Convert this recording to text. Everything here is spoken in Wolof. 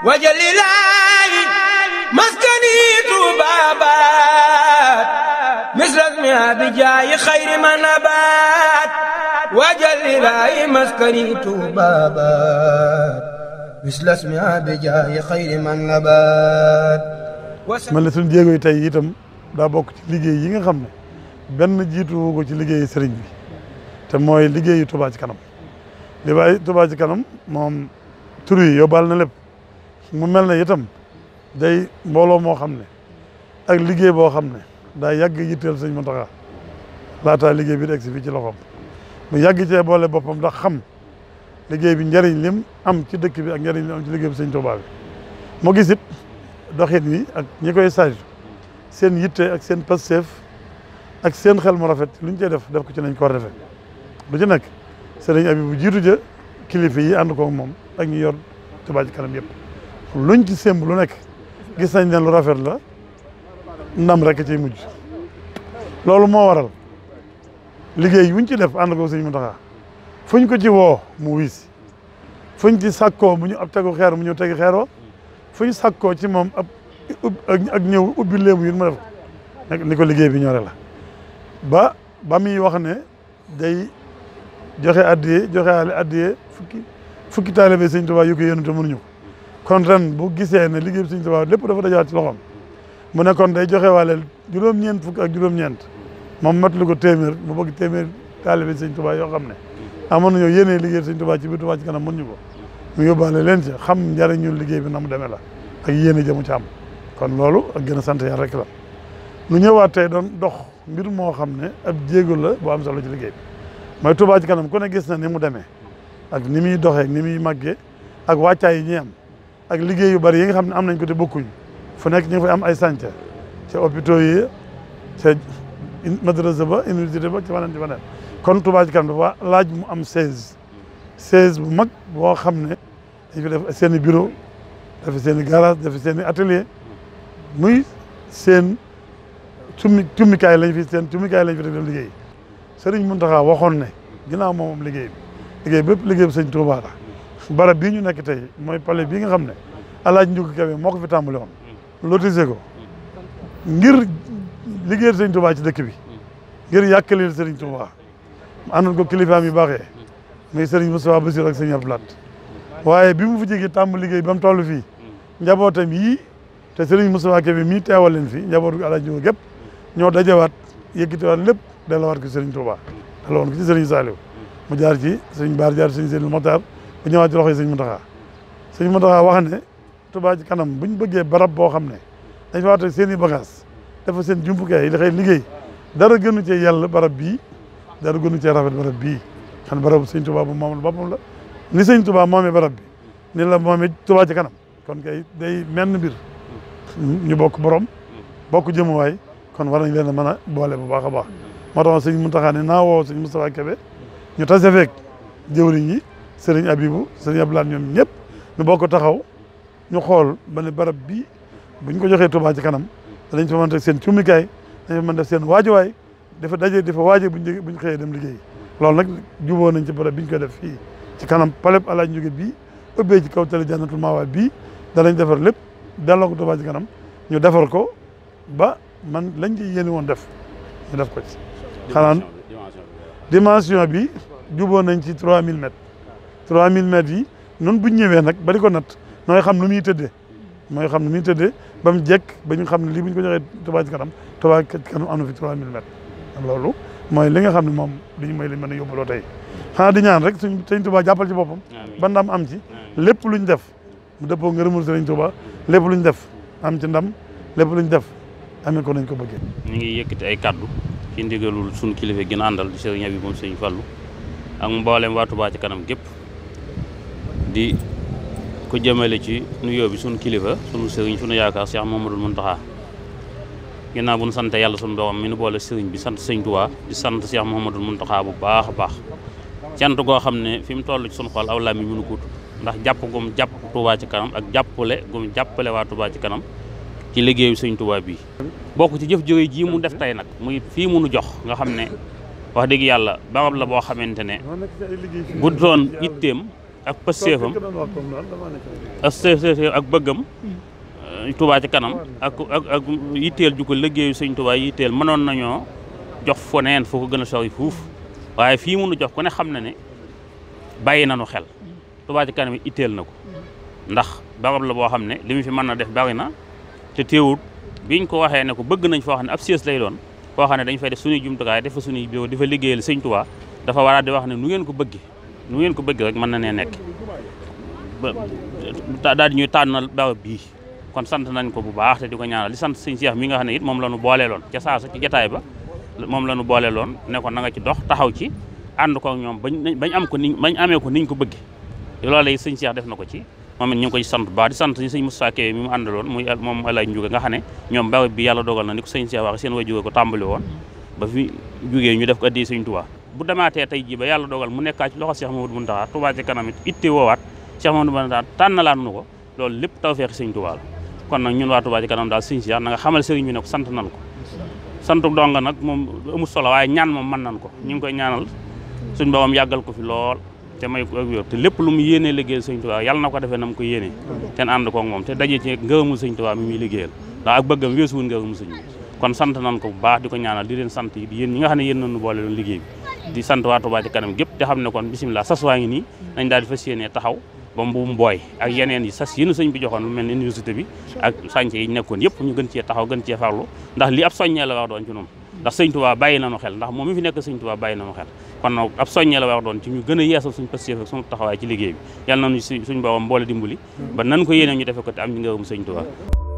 wajalilaayi maskani tuubaabaat misras mi abijaayi xayri manabaat man la suñu jéego yi tey itam daa bokk ci liggéey yi nga xam ne benn jiitu woo ci liggéeyu sëriñ bi te mooy liggéeyu Touba ci kanam li bàyyi Touba ci kanam moom tur yi yóbbaal na lépp. mu mel na itam day mbooloo moo xam ne ak liggéey boo xam ne daa yàgg yitteel sëñ Muntaxa laataa liggéey bi di egsi fii ci loxoom mu yàgg cee boole boppam ndax xam liggéey bi njëriñ lim am ci dëkk bi ak njëriñ lim am ci liggéey bi sëñ Tuubaa bi mu gis it doxit yi ak ñi koy saaju seen yitte seen passeef ak seen xel mu rafet lu ñu def def ko ci nañ ko war ci nekk sëriñ abi bu jiitu ja kilifa yi ànd koog moom ak ñi yor Tuubaa ci kanam yëpp luñ ci sémb lu nekk gis nañ ne lu rafet la ndam rek ciy mujj loolu moo waral liggéey wuñ ci def ànd ko sëñ Mountakha fuñ ko ci woo mu wiis fuñ ci sàkkoo mu ñu ab tegu xeer mu ñëw tegu xero wa fuñ sàkkoo ci moom ab ak ñëw ubbi léemu yun mu def ni ko liggéey bi ñore la ba ba muy wax ne day joxe addiye joxe ale addiye fukki fukki taalibe sëñ Tuubaa yu ko yónni te mënuñu ko kon ren bu gisee ne liggéey bi Sëriñ Tuubaa lépp dafa dajaat ci loxoom mu ne kon day joxe waale juróom-ñeent fukk ak juróom-ñeent moom mat lu ko téeméer mu bëgg téeméer taalibe Sëriñ Tuubaa yoo xam ne amoon nañoo yéene liggéey Sëriñ Tuubaa ci biir Tuubaa ci kanam mënuñu ko mu yóbbaale leen ci xam njariñu liggéey bi na mu demee la ak yéene jëmu ci am kon loolu ak gën a sant yàlla rek la lu ñëwaat tey doon dox mbir moo xam ne ab jéego la bu am solo ci liggéey mooy Tuubaa ci kanam ku ne gis na ni mu demee ak ni muy doxee ni muy màggee ak wàccaay yi ñuy am ak liggéey yu bari yi nga xam ne am nañ ko te bokkuñ fu nekk ñu ngi fay am ay santé ca hôpitaux yi ca madrasa ba université ba ci faneen ci faneen kon Touba Ca Kanam dafa laaj mu am seize seize bu mag boo xam ne dañ fi def seen i bureau def seen i garage def atelier muy seen tummi tummikaay lañ fi seen tummikaay lañ fi def liggéey mun taxa waxoon ne ginnaaw moom liggéey bi liggéey bépp liggéey bi sëñ Touba barab bii ñu nekk tey mooy palais bii nga xam ne alaaj Ndiouga Kébé moo ko fi tàmbali woon lotise ko ngir liggéeyal sëriñ Touba ci dëkk bi ngir yàkkaleel sëriñ Touba àndoon ko kilifaam yu baaxee muy sëriñ Moustapha Bassirou ak sëriñ Abdou Lahat waaye bi mu fi jege tàmbali liggéey ba mu toll fii njabootam yii te sëriñ Moustapha Kébé mii teewal leen fi njabootu alaaj Ndiouga gépp ñoo dajewaat yëkkatiwaat lépp delloowaat ko sëriñ Touba delloowoon ko ci sëriñ Saliou mu jaar ci sëriñ Baar jaar bu ñëwaat ci loxoy sëñ Mountakha sëñ Mountakha wax ne Touba ci kanam buñ bëggee barab boo xam ne dañ fa teg seen i bagage dafa seen jumtukaay yi dafay liggéey dara gënu cee yàlla barab bii dara gënu cee rafet barab bii xam barabu sëñ Touba bu moomul boppam la ni sëñ Touba moomee barab bi ni la moomee Touba ci kanam kon kay day menn mbir ñu bokk borom bokk jëmuwaay kon war nañ leen a mën a boole bu baax a baax moo tax sëñ Mountakha ne naa woo sëñ Moustapha Kébé ñu tase feek jëwriñ yi sëriñ Abibu sëriñ Abdoulaye ñoom ñëpp ñu bokk taxaw ñu xool ba ne barab bii bu ñu ko joxee Touba ci kanam danañ fa mën seen cummikaay dañ fa mën def seen waay dafa daje dafa waaje buñ jógee buñ xëyee dem liggéey loolu nag juboo nañ ci barab biñ koy def fii ci kanam paleb alaaj njóge bii ubbee ci kaw tali jannatul maawaay bii danañ defar lépp delloo ko Touba ci ñu defar ko ba man lañ ci yéene woon def ñu def ko ci xanaan dimension bi juboo nañ ci trois mille 3000 mètres yi noonu bu ñu ñëwee nag ba di ko nat nooy xam lu muy tëddee mooy xam lu muy tëddee ba mu jekk ba ñu xam ne lii bu ñu ko joxee Touba Ca Kanam Touba Ca Kanam am na fi 3000 mètres loolu mooy li nga xam ne moom dañu may li mën a yóbbuloo tey xanaa di ñaan rek suñ sëñ Touba jàppal ci boppam ba ndam am ci lépp luñ def mu dëppoo ngërëmul sëriñ Touba lépp luñ def am ci ndam lépp luñ def amee ko nañ ko bëggee ñu ngi yëkkati ay kaddu ci ndigalul suñu kilifa gën a àndal di sëriñ bi moom sëriñ Fallou ak mboolem waa Touba Ca Kanam gépp di ko jëmale ci nuyoo bi sunu kilifa sunu sëriñ sunu yaakaar Cheikh Mamadou Mountakha ginnaaw bu nu sant yàlla sunu borom mi nu boole sëriñ bi sant sëriñ Tuubaa di sant Cheikh muntu Mountakha bu baax a baax sant goo xam ne fi mu toll ci sunu xol aw làmmiñ mënu ko ndax jàpp gum jàpp Touba ci kanam ak jàppale gum jàppale waa Touba ci kanam ci liggéeyu sëriñ Touba bii. bokk ci jëf jóge ji mu def tey nag muy fii mu jox nga xam ne wax dëgg yàlla barab la boo ak pëstéefam ak seef ak bëggam hmm. euh, Touba kanam ak ak ak yitteel ju ko liggéeyu sëñ Touba yitteel mënoon nañoo jox fo neen foo ko gën a sori fuuf waaye fii mënu jox ko ne xam na ne bàyyi nu xel Touba ci kanam itteel na ko ndax barab la boo xam ne li mu fi mën na def bari na te teewut biñ ko waxee ne ko bëgg nañ foo xam ne ab siège lay doon foo xam ne dañ fa def suñuy jumtukaay defa fa suñuy bureau di fa liggéeyal sëñ dafa war a di wax ne nu ngeen ko bëgg nu ngeen ko bëgg rek mën na nee nekk ba daal di ñuy tànnal bii kon sant nañ ko bu baax te di ko ñaanal li sant sëñ Cheikh mi nga xam ne it moom la nu loon ca saa sa ci jataay ba moom la nu booleeloon ne ko na nga ci dox taxaw ci ànd ko ak ñoom bañ bañ am ko ni bañ amee ko niñ ko bëgg loola yi sëñ Cheikh def na ko ci moom it ñu ngi koy sant bu baax di sant sëñ Moussa Keye mi mu àndaloon muy moom El Hadj Ndiouga nga xam ne ñoom barab bi yàlla dogal na ni ko sëñ Cheikh wax seen way ko tàmbali woon ba fi jógee ñu def ko addi sëñ Tuubaa bu demaatee tey jii ba yàlla dogal mu nekkaa ci loxo Cheikh Mamadou Mountakha Touba ci kanam it itti woowaat Cheikh Mamadou Mountakha tànnalaat nu ko lool lépp tawfeex Sëriñ Touba la kon nag ñun waa Touba ci kanam daal Sëriñ Cheikh na nga xamal sëriñ bi ne ko sant nan ko santu donga nag moom amul solo waaye ñaan moom mën nan ko ñu ngi koy ñaanal suñ boobam yàggal ko fi lool te may ko ak wér te lépp lu mu yéenee liggéeyal Sëriñ Touba yàlla na ko defee na mu ko yéenee ten ànd ko moom te daje ci ngërëmu Sëriñ Touba mi muy liggéeyal ndax ak bëggam weesuwul ngërëmu kon sant nan ko bu baax di ko ñaanal sant yi yéen ñi nga xam ne yéen nañu boole liggéey bi di sant waa Touba ci kanam gépp te xam ne kon bisimilah sas waa ngi nii nañ daal di fas yéenee taxaw ba mu booy ak yeneen yi sas yéenu sëñ bi joxoon mel université bi ak sànce yi nekkoon yëpp ñu gën cee taxaw gën cee farlu ndax li ab soññee la wax doon ci noonu ndax sëñ Touba bàyyi nañu xel ndax moom mi fi nekk sëñ Touba bàyyi nañu xel kon ab soññee la wax doon ci ñu gën a yeesal suñu pastéef ak suñu taxawaay ci liggéey bi yàlla nañu suñ boobam mboole dimbali ba nan ko yéenee ñu defe ko te am ñu ngawum